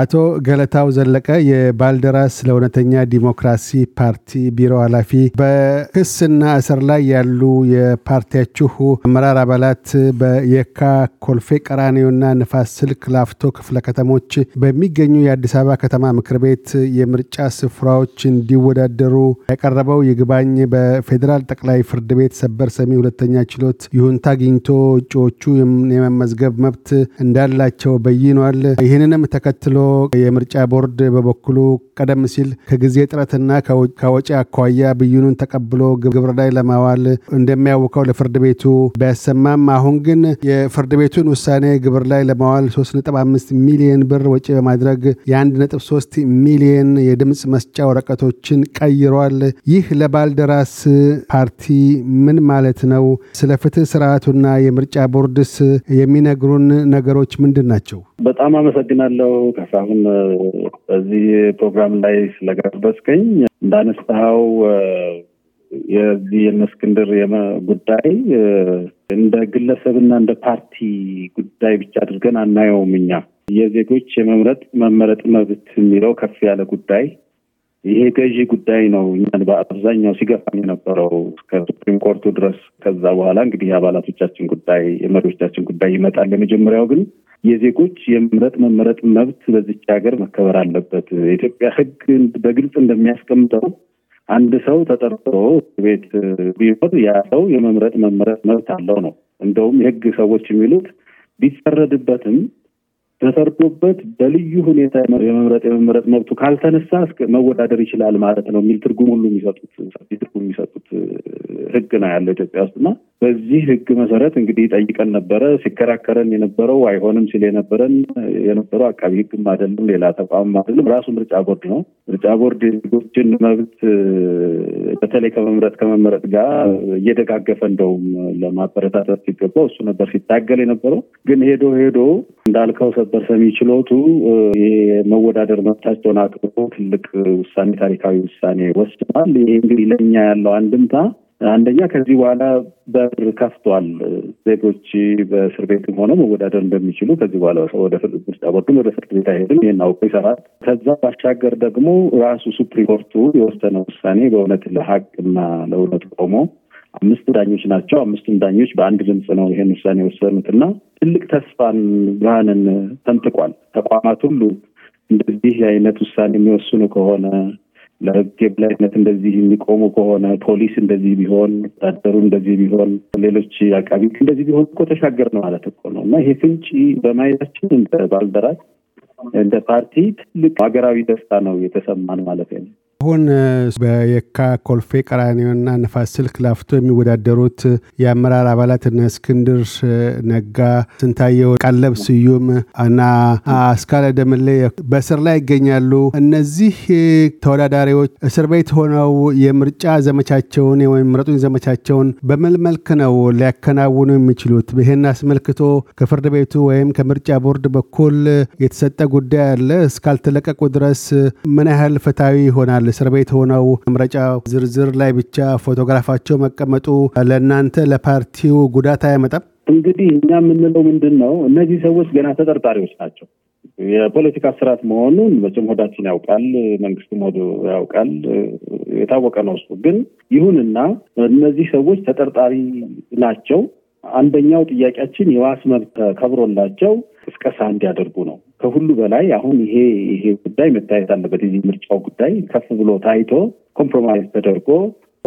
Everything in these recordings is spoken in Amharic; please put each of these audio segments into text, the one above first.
አቶ ገለታው ዘለቀ የባልደራስ ለእውነተኛ ዲሞክራሲ ፓርቲ ቢሮ ኃላፊ፣ በክስና እስር ላይ ያሉ የፓርቲያችሁ አመራር አባላት በየካ ኮልፌ ቀራኒዮና ንፋስ ስልክ ላፍቶ ክፍለ ከተሞች በሚገኙ የአዲስ አበባ ከተማ ምክር ቤት የምርጫ ስፍራዎች እንዲወዳደሩ ያቀረበው ይግባኝ በፌዴራል ጠቅላይ ፍርድ ቤት ሰበር ሰሚ ሁለተኛ ችሎት ይሁንታ አግኝቶ እጩዎቹ የመመዝገብ መብት እንዳላቸው በይኗል። ይህንንም ተከትሎ የምርጫ ቦርድ በበኩሉ ቀደም ሲል ከጊዜ ጥረትና ከወጪ አኳያ ብይኑን ተቀብሎ ግብር ላይ ለማዋል እንደሚያውቀው ለፍርድ ቤቱ ቢያሰማም አሁን ግን የፍርድ ቤቱን ውሳኔ ግብር ላይ ለማዋል 3.5 ሚሊዮን ብር ወጪ በማድረግ የ1.3 ሚሊዮን የድምፅ መስጫ ወረቀቶችን ቀይሯል። ይህ ለባልደራስ ፓርቲ ምን ማለት ነው? ስለ ፍትህ ስርዓቱና የምርጫ ቦርድስ የሚነግሩን ነገሮች ምንድን ናቸው? በጣም አመሰግናለሁ ከሳሁን በዚህ ፕሮግራም ላይ ስለጋበዝከኝ። እንዳነሳኸው የዚህ የእስክንድር ጉዳይ እንደ ግለሰብና እንደ ፓርቲ ጉዳይ ብቻ አድርገን አናየውም። እኛ የዜጎች የመምረጥ መመረጥ መብት የሚለው ከፍ ያለ ጉዳይ ይሄ ገዢ ጉዳይ ነው እኛን በአብዛኛው ሲገፋን የነበረው እስከ ሱፕሪም ኮርቱ ድረስ። ከዛ በኋላ እንግዲህ የአባላቶቻችን ጉዳይ የመሪዎቻችን ጉዳይ ይመጣል። የመጀመሪያው ግን የዜጎች የመምረጥ መመረጥ መብት በዚች ሀገር መከበር አለበት። የኢትዮጵያ ሕግ በግልጽ እንደሚያስቀምጠው አንድ ሰው ተጠርጥሮ ቤት ቢሆን ያ ሰው የመምረጥ መመረጥ መብት አለው ነው። እንደውም የሕግ ሰዎች የሚሉት ቢፈረድበትም ተሰርቶበት በልዩ ሁኔታ የመምረጥ የመምረጥ መብቱ ካልተነሳ መወዳደር ይችላል ማለት ነው የሚል ትርጉም ሁሉ የሚሰጡት ትርጉም የሚሰጡት ህግ ነው ያለው ኢትዮጵያ ውስጥ እና በዚህ ህግ መሰረት እንግዲህ ጠይቀን ነበረ። ሲከራከረን የነበረው አይሆንም ሲል የነበረን የነበረው አቃቢ ህግም አይደለም ሌላ ተቋም አይደለም ራሱ ምርጫ ቦርድ ነው። ምርጫ ቦርድ የዜጎችን መብት በተለይ ከመምረጥ ከመመረጥ ጋር እየደጋገፈ እንደውም ለማበረታታት ሲገባው እሱ ነበር ሲታገል የነበረው። ግን ሄዶ ሄዶ እንዳልከው ሰበር ሰሚ ችሎቱ የመወዳደር መብታቸውን አክብሮ ትልቅ ውሳኔ ታሪካዊ ውሳኔ ወስኗል። ይሄ እንግዲህ ለእኛ ያለው አንድምታ አንደኛ ከዚህ በኋላ በር ከፍቷል። ዜጎች በእስር ቤትም ሆነ መወዳደር እንደሚችሉ ከዚህ በኋላ ወደ ምርጫ ቦርድም ወደ ፍርድ ቤት አይሄድም። ይህን አውቆ ይሰራል። ከዛ ባሻገር ደግሞ ራሱ ሱፕሪም ኮርቱ የወሰነ ውሳኔ በእውነት ለሀቅና ለእውነት ቆሞ አምስት ዳኞች ናቸው። አምስቱም ዳኞች በአንድ ድምፅ ነው ይህን ውሳኔ የወሰኑትና ትልቅ ተስፋን ብርሃንን ተንጥቋል። ተቋማት ሁሉ እንደዚህ አይነት ውሳኔ የሚወስኑ ከሆነ ለህግ የበላይነት እንደዚህ የሚቆሙ ከሆነ ፖሊስ እንደዚህ ቢሆን፣ ወታደሩ እንደዚህ ቢሆን፣ ሌሎች አቃቢ እንደዚህ ቢሆን እኮ ተሻገር ነው ማለት እኮ ነው እና ይሄ ፍንጭ በማየታችን እንደ ባልደራስ እንደ ፓርቲ ትልቅ ሀገራዊ ደስታ ነው የተሰማን ማለት ነው። አሁን በየካ ኮልፌ ቀራኒዮና ንፋስ ስልክ ላፍቶ የሚወዳደሩት የአመራር አባላት እነ እስክንድር ነጋ፣ ስንታየው ቀለብ ስዩም እና አስካለ ደምሌ በእስር ላይ ይገኛሉ። እነዚህ ተወዳዳሪዎች እስር ቤት ሆነው የምርጫ ዘመቻቸውን ወይም ምረጡኝ ዘመቻቸውን በምን መልክ ነው ሊያከናውኑ የሚችሉት? ይህን አስመልክቶ ከፍርድ ቤቱ ወይም ከምርጫ ቦርድ በኩል የተሰጠ ጉዳይ አለ። እስካልተለቀቁ ድረስ ምን ያህል ፍትሐዊ ይሆናል? እስር ቤት ሆነው ምረጫ ዝርዝር ላይ ብቻ ፎቶግራፋቸው መቀመጡ ለእናንተ ለፓርቲው ጉዳት አያመጣም? እንግዲህ እኛ የምንለው ምንድን ነው፣ እነዚህ ሰዎች ገና ተጠርጣሪዎች ናቸው። የፖለቲካ ስርዓት መሆኑን መቼም ሆዳችን ያውቃል፣ መንግስትም ሆዱ ያውቃል፣ የታወቀ ነው እሱ። ግን ይሁንና እነዚህ ሰዎች ተጠርጣሪ ናቸው። አንደኛው ጥያቄያችን የዋስ መብት ከብሮላቸው ቅስቀሳ እንዲያደርጉ ነው። ከሁሉ በላይ አሁን ይሄ ይሄ ጉዳይ መታየት አለበት። የዚህ ምርጫው ጉዳይ ከፍ ብሎ ታይቶ ኮምፕሮማይዝ ተደርጎ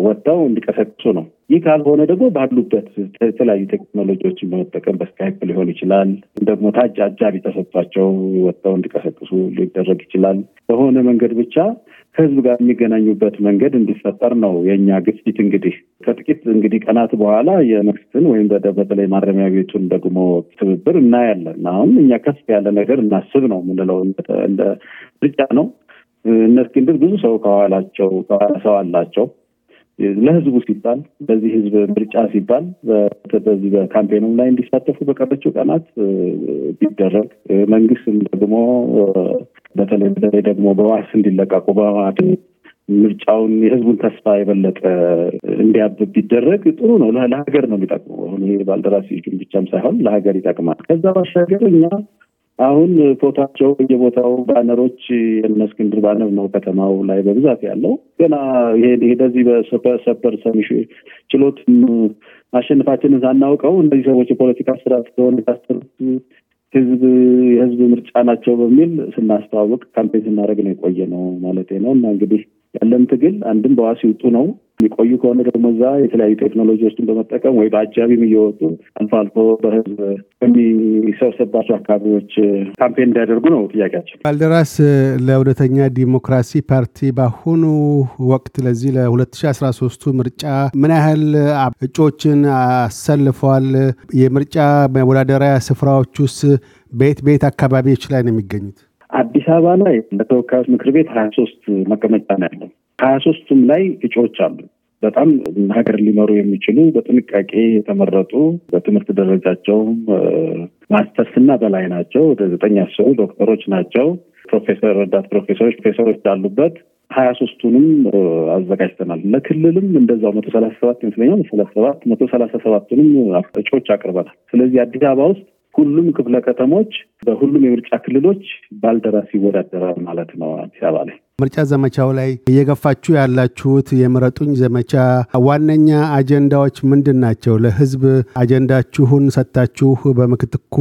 ወጥተው እንዲቀሰቅሱ ነው። ይህ ካልሆነ ደግሞ ባሉበት የተለያዩ ቴክኖሎጂዎችን በመጠቀም በስካይፕ ሊሆን ይችላል። ደግሞ ታጅ አጃቢ ተሰጥቷቸው ወጥተው እንዲቀሰቅሱ ሊደረግ ይችላል። በሆነ መንገድ ብቻ ከህዝብ ጋር የሚገናኙበት መንገድ እንዲፈጠር ነው የእኛ ግፊት። እንግዲህ ከጥቂት እንግዲህ ቀናት በኋላ የመንግስትን ወይም በተለይ ማረሚያ ቤቱን ደግሞ ትብብር እናያለን። አሁን እኛ ከፍ ያለ ነገር እናስብ ነው የምንለው፣ እንደ ምርጫ ነው። እነሱ ግን ብዙ ሰው ከኋላቸው ሰው አላቸው ለህዝቡ ሲባል በዚህ ህዝብ ምርጫ ሲባል በዚህ በካምፔኑም ላይ እንዲሳተፉ በቀረችው ቀናት ቢደረግ መንግስትም ደግሞ በተለይ በተለይ ደግሞ በዋስ እንዲለቀቁ በዋድ ምርጫውን የህዝቡን ተስፋ የበለጠ እንዲያብብ ቢደረግ ጥሩ ነው። ለሀገር ነው የሚጠቅመው። አሁን ይሄ ባልደራሲዎቹን ብቻም ሳይሆን ለሀገር ይጠቅማል። ከዛ ባሻገር እኛ አሁን ፎቶቸው በየቦታው ባነሮች የእነ እስክንድር ባነር ነው ከተማው ላይ በብዛት ያለው። ገና ይሄደዚህ በሰበር ሰሚ ችሎት አሸንፋችንን ሳናውቀው እነዚህ ሰዎች የፖለቲካ ስርዓት ከሆነ ታሰሩት ህዝብ የህዝብ ምርጫ ናቸው በሚል ስናስተዋውቅ ካምፔን ስናደርግ ነው የቆየ ነው ማለት ነው እና እንግዲህ ያለን ትግል አንድም በዋስ ይውጡ ነው። የቆዩ ከሆነ ደግሞ እዛ የተለያዩ ቴክኖሎጂዎችን በመጠቀም ወይ በአጃቢም እየወጡ አልፎ አልፎ በህዝብ የሚሰበሰብባቸው አካባቢዎች ካምፔን እንዲያደርጉ ነው ጥያቄያቸው። ባልደራስ ለእውነተኛ ዲሞክራሲ ፓርቲ በአሁኑ ወቅት ለዚህ ለሁለት ለ አስራ ሶስቱ ምርጫ ምን ያህል እጩዎችን አሰልፈዋል? የምርጫ መወዳደሪያ ስፍራዎች ውስጥ በየት በየት አካባቢዎች ላይ ነው የሚገኙት? አዲስ አበባ ላይ በተወካዮች ምክር ቤት ሀያ ሶስት መቀመጫ ነው ያለው። ሀያ ሶስቱም ላይ እጩዎች አሉ። በጣም ሀገር ሊመሩ የሚችሉ በጥንቃቄ የተመረጡ በትምህርት ደረጃቸው ማስተርስ እና በላይ ናቸው። ወደ ዘጠኝ አስሩ ዶክተሮች ናቸው። ፕሮፌሰር፣ ረዳት ፕሮፌሰሮች፣ ፕሮፌሰሮች ያሉበት ሀያ ሶስቱንም አዘጋጅተናል። ለክልልም እንደዛው መቶ ሰላሳ ሰባት ይመስለኛል መቶ ሰላሳ ሰባት መቶ ሰላሳ ሰባቱንም እጩዎች አቅርበናል። ስለዚህ አዲስ አበባ ውስጥ ሁሉም ክፍለ ከተሞች በሁሉም የምርጫ ክልሎች ባልደራስ ይወዳደራል ማለት ነው አዲስ አበባ ላይ ምርጫ ዘመቻው ላይ እየገፋችሁ ያላችሁት የምረጡኝ ዘመቻ ዋነኛ አጀንዳዎች ምንድን ናቸው? ለህዝብ አጀንዳችሁን ሰጥታችሁ በምክትኩ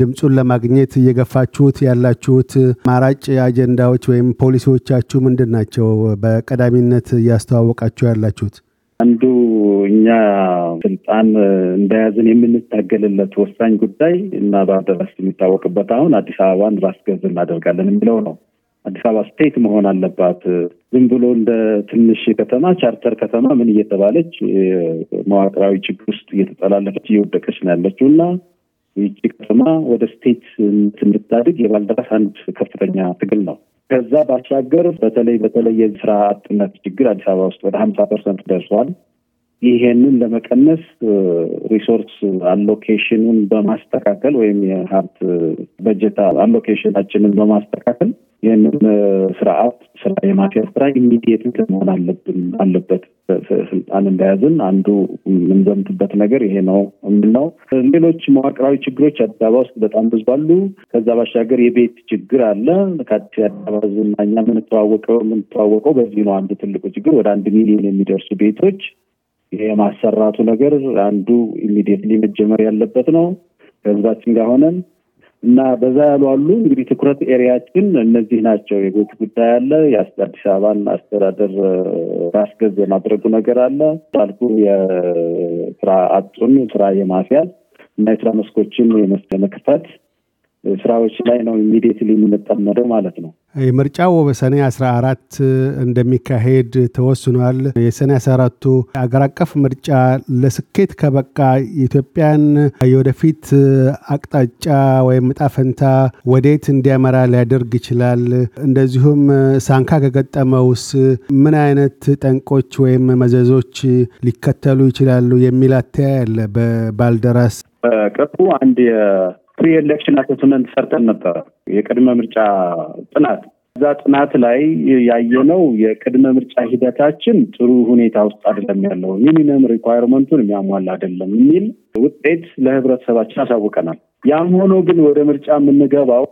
ድምፁን ለማግኘት እየገፋችሁት ያላችሁት ማራጭ አጀንዳዎች ወይም ፖሊሲዎቻችሁ ምንድን ናቸው? በቀዳሚነት እያስተዋወቃችሁ ያላችሁት አንዱ እኛ ስልጣን እንደያዝን የምንታገልለት ወሳኝ ጉዳይ እና በአደራስ የሚታወቅበት አሁን አዲስ አበባን ራስ ገዝ እናደርጋለን የሚለው ነው። አዲስ አበባ ስቴት መሆን አለባት። ዝም ብሎ እንደ ትንሽ ከተማ ቻርተር ከተማ ምን እየተባለች መዋቅራዊ ችግር ውስጥ እየተጠላለፈች እየወደቀች ነው ያለችው እና ይቺ ከተማ ወደ ስቴት እንድታድግ የባልደራስ አንድ ከፍተኛ ትግል ነው። ከዛ ባሻገር በተለይ በተለይ የስራ አጥነት ችግር አዲስ አበባ ውስጥ ወደ ሀምሳ ፐርሰንት ደርሷል። ይሄንን ለመቀነስ ሪሶርስ አሎኬሽኑን በማስተካከል ወይም የሀብት በጀት አሎኬሽናችንን በማስተካከል ይህንን ስርዓት ስራ የማፊያ ስራ ኢሚዲየት መሆን አለብን አለበት። ስልጣን እንደያዝን አንዱ የምንዘምትበት ነገር ይሄ ነው የምንለው። ሌሎች መዋቅራዊ ችግሮች አዲስ አበባ ውስጥ በጣም ብዙ አሉ። ከዛ ባሻገር የቤት ችግር አለ። ከአዲስ አበባ ዝናኛ የምንተዋወቀው የምንተዋወቀው በዚህ ነው። አንዱ ትልቁ ችግር ወደ አንድ ሚሊዮን የሚደርሱ ቤቶች የማሰራቱ ነገር አንዱ ኢሚዲየትሊ መጀመር ያለበት ነው። ከህዝባችን ጋር ሆነን እና በዛ ያሉ አሉ። እንግዲህ ትኩረት ኤሪያችን እነዚህ ናቸው። የጎት ጉዳይ አለ። የአዲስ አበባን አስተዳደር ራስ ገዝ የማድረጉ ነገር አለ። ባልኩ የስራ አጡን ስራ የማስያዝ እና የስራ መስኮችን የመስ መክፈት ስራዎች ላይ ነው ኢሚዲየትሊ የምንጠመደው ማለት ነው። የምርጫው በሰኔ አስራ አራት እንደሚካሄድ ተወስኗል። የሰኔ አስራ አራቱ አገር አቀፍ ምርጫ ለስኬት ከበቃ የኢትዮጵያን የወደፊት አቅጣጫ ወይም እጣ ፈንታ ወዴት እንዲያመራ ሊያደርግ ይችላል? እንደዚሁም ሳንካ ከገጠመውስ ምን አይነት ጠንቆች ወይም መዘዞች ሊከተሉ ይችላሉ የሚል አተያይ አለ በባልደራስ በቅርቡ አንድ የፕሪ ኤሌክሽን አሴስመንት ሰርተን ነበረ፣ የቅድመ ምርጫ ጥናት። እዛ ጥናት ላይ ያየነው የቅድመ ምርጫ ሂደታችን ጥሩ ሁኔታ ውስጥ አይደለም ያለው፣ ሚኒመም ሪኳየርመንቱን የሚያሟላ አይደለም የሚል ውጤት ለህብረተሰባችን አሳውቀናል። ያም ሆኖ ግን ወደ ምርጫ የምንገባው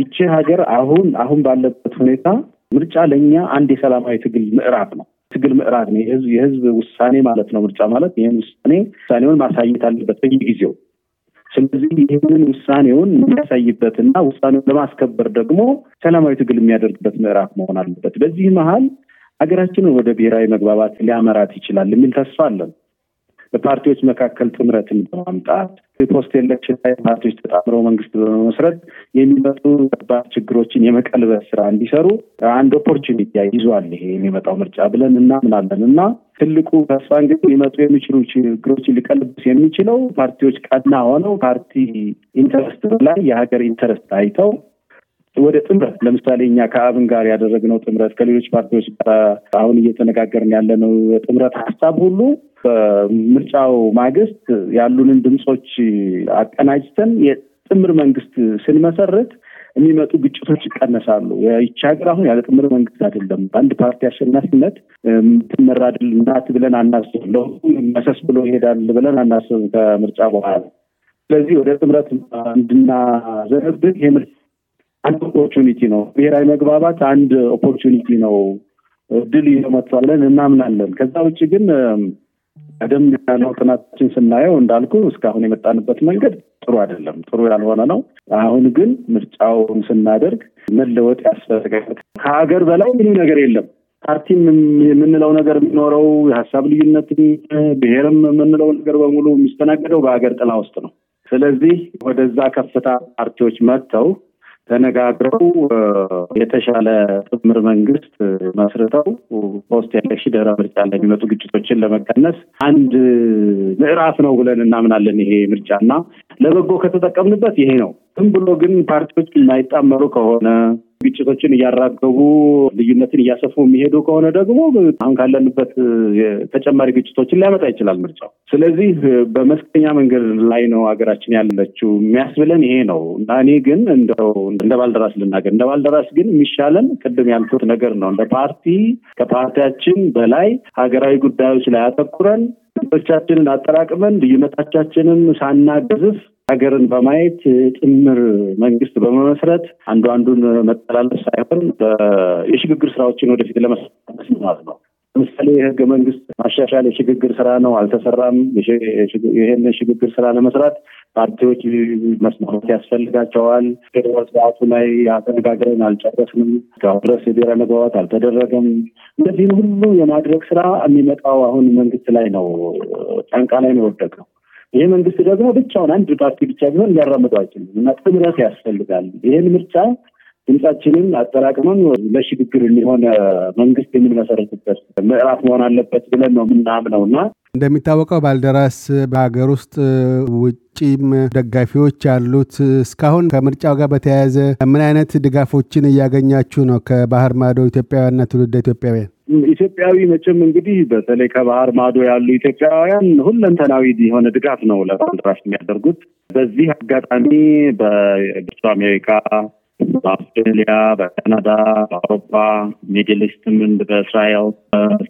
ይቺ ሀገር አሁን አሁን ባለበት ሁኔታ ምርጫ ለእኛ አንድ የሰላማዊ ትግል ምዕራፍ ነው። ትግል ምዕራፍ ነው። የህዝብ የህዝብ ውሳኔ ማለት ነው። ምርጫ ማለት ይህን ውሳኔ ውሳኔውን ማሳየት አለበት በየጊዜው። ስለዚህ ይህንን ውሳኔውን የሚያሳይበትና ውሳኔውን ለማስከበር ደግሞ ሰላማዊ ትግል የሚያደርግበት ምዕራፍ መሆን አለበት። በዚህ መሀል ሀገራችንን ወደ ብሔራዊ መግባባት ሊያመራት ይችላል የሚል ተስፋ አለን። በፓርቲዎች መካከል ጥምረትን በማምጣት የፖስት ኤሌክሽን ላይ ፓርቲዎች ተጣምረው መንግስት በመመስረት የሚመጡ ከባድ ችግሮችን የመቀልበስ ስራ እንዲሰሩ አንድ ኦፖርቹኒቲ ይዟል ይሄ የሚመጣው ምርጫ ብለን እናምናለን እና ትልቁ ተስፋ እንግዲህ ሊመጡ የሚችሉ ችግሮችን ሊቀልብስ የሚችለው ፓርቲዎች ቀና ሆነው ፓርቲ ኢንተረስት ላይ የሀገር ኢንተረስት አይተው ወደ ጥምረት ለምሳሌ እኛ ከአብን ጋር ያደረግነው ጥምረት ከሌሎች ፓርቲዎች ጋር አሁን እየተነጋገርን ያለነው ጥምረት ሀሳብ ሁሉ በምርጫው ማግስት ያሉንን ድምፆች አቀናጅተን የጥምር መንግስት ስንመሰረት የሚመጡ ግጭቶች ይቀነሳሉ። ይቺ ሀገር አሁን ያለ ጥምር መንግስት አይደለም። በአንድ ፓርቲ አሸናፊነት የምትመራ አይደል ብለን አናስብ። ለሁሉም መሰስ ብሎ ይሄዳል ብለን አናስብ ከምርጫ በኋላ። ስለዚህ ወደ ጥምረት እንድናዘነብን ይህ አንድ ኦፖርቹኒቲ ነው። ብሔራዊ መግባባት አንድ ኦፖርቹኒቲ ነው። እድል ይመጥቷለን እናምናለን። ከዛ ውጭ ግን ቀደም ያለው ጥናታችን ስናየው እንዳልኩ እስካሁን የመጣንበት መንገድ ጥሩ አይደለም፣ ጥሩ ያልሆነ ነው። አሁን ግን ምርጫውን ስናደርግ መለወጥ ያስፈልጋል። ከሀገር በላይ ምንም ነገር የለም። ፓርቲም የምንለው ነገር የሚኖረው የሀሳብ ልዩነት፣ ብሔርም የምንለው ነገር በሙሉ የሚስተናገደው በሀገር ጥላ ውስጥ ነው። ስለዚህ ወደዛ ከፍታ ፓርቲዎች መጥተው ተነጋግረው የተሻለ ጥምር መንግስት መስርተው ፖስት ያለሽ ድህረ ምርጫ ለሚመጡ ግጭቶችን ለመቀነስ አንድ ምዕራፍ ነው ብለን እናምናለን። ይሄ ምርጫና ለበጎ ከተጠቀምንበት ይሄ ነው። ዝም ብሎ ግን ፓርቲዎች የማይጣመሩ ከሆነ ግጭቶችን እያራገቡ ልዩነትን እያሰፉ የሚሄዱ ከሆነ ደግሞ አሁን ካለንበት ተጨማሪ ግጭቶችን ሊያመጣ ይችላል ምርጫው። ስለዚህ በመስቀኛ መንገድ ላይ ነው ሀገራችን ያለችው የሚያስብለን ይሄ ነው እና እኔ ግን እንደው እንደ ባልደራስ ልናገር፣ እንደ ባልደራስ ግን የሚሻለን ቅድም ያልኩት ነገር ነው። እንደ ፓርቲ ከፓርቲያችን በላይ ሀገራዊ ጉዳዮች ላይ አተኩረን ቻችንን አጠራቅመን ልዩነቶቻችንን ሳናገዝፍ ሀገርን በማየት ጥምር መንግስት በመመስረት አንዱ አንዱን መጠላለፍ ሳይሆን የሽግግር ስራዎችን ወደፊት ለመሳተፍ ማለት ነው። ለምሳሌ የህገ መንግስት ማሻሻል የሽግግር ስራ ነው፣ አልተሰራም። ይህን ሽግግር ስራ ለመስራት ፓርቲዎች መስማማት ያስፈልጋቸዋል። ፌደራል ስርዓቱ ላይ አተነጋገርን አልጨረስንም፣ እስካሁን ድረስ የብሔራዊ መግባባት አልተደረገም። እነዚህን ሁሉ የማድረግ ስራ የሚመጣው አሁን መንግስት ላይ ነው፣ ጫንቃ ላይ ነው የወደቀው። ይህ መንግስት ደግሞ ብቻውን አንድ ፓርቲ ብቻ ቢሆን ሊያራምደው አይችልም እና ጥምረት ያስፈልጋል። ይህን ምርጫ ድምጻችንን አጠራቅመን ለሽግግር የሆነ መንግስት የምንመሰረትበት ምዕራፍ መሆን አለበት ብለን ነው የምናምነው እና እንደሚታወቀው ባልደራስ በሀገር ውስጥ ውጪም ደጋፊዎች አሉት። እስካሁን ከምርጫው ጋር በተያያዘ ምን አይነት ድጋፎችን እያገኛችሁ ነው ከባህር ማዶ ኢትዮጵያውያንና ትውልደ ኢትዮጵያውያን? ኢትዮጵያዊ መቼም እንግዲህ በተለይ ከባህር ማዶ ያሉ ኢትዮጵያውያን ሁለንተናዊ የሆነ ድጋፍ ነው ለባልደራስ የሚያደርጉት። በዚህ አጋጣሚ በብርቱ አሜሪካ በአውስትራሊያ፣ በካናዳ፣ በአውሮፓ ሚድል ኢስትም በእስራኤል፣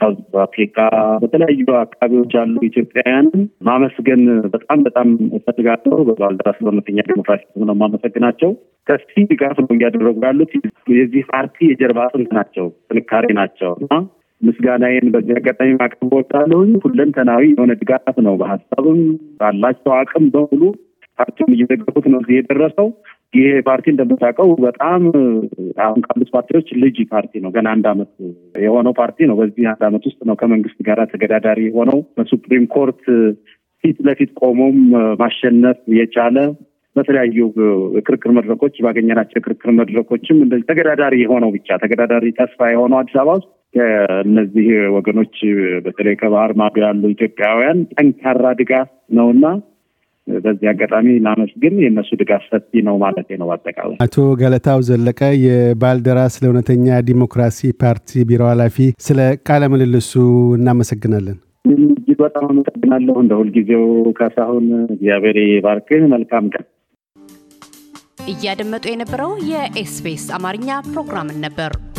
ሳውዝ አፍሪካ በተለያዩ አካባቢዎች ያሉ ኢትዮጵያውያን ማመስገን በጣም በጣም እፈልጋለሁ። በባልደራስ በመተኛ ዴሞክራሲ ነው ማመሰግናቸው። ከስቲ ድጋፍ ነው እያደረጉ ያሉት የዚህ ፓርቲ የጀርባ አጥንት ናቸው፣ ጥንካሬ ናቸው እና ምስጋናዬን በዚህ አጋጣሚ ማቅረብ ወዳለሁኝ። ሁለንተናዊ የሆነ ድጋፍ ነው፣ በሀሳብም ባላቸው አቅም በሙሉ ፓርቲውን እየደገፉት ነው እዚህ የደረሰው። ይሄ ፓርቲ እንደምታውቀው በጣም አሁን ካሉት ፓርቲዎች ልጅ ፓርቲ ነው። ገና አንድ አመት የሆነው ፓርቲ ነው። በዚህ አንድ አመት ውስጥ ነው ከመንግስት ጋር ተገዳዳሪ የሆነው በሱፕሪም ኮርት ፊት ለፊት ቆሞም ማሸነፍ የቻለ በተለያዩ ክርክር መድረኮች ባገኘናቸው ክርክር መድረኮችም እንደዚህ ተገዳዳሪ የሆነው ብቻ ተገዳዳሪ ተስፋ የሆነው አዲስ አበባ ውስጥ ከእነዚህ ወገኖች በተለይ ከባህር ማዶ ያሉ ኢትዮጵያውያን ጠንካራ ድጋፍ ነውና በዚህ አጋጣሚ ላመስግን። የእነሱ ድጋፍ ሰፊ ነው ማለት ነው። አጠቃላይ አቶ ገለታው ዘለቀ የባልደራስ ለእውነተኛ ዲሞክራሲ ፓርቲ ቢሮ ኃላፊ፣ ስለ ቃለ ምልልሱ እናመሰግናለን። እጅግ በጣም አመሰግናለሁ። እንደ ሁልጊዜው ካሳሁን፣ እግዚአብሔር ባርክህ። መልካም ቀን። እያደመጡ የነበረው የኤስቢኤስ አማርኛ ፕሮግራምን ነበር።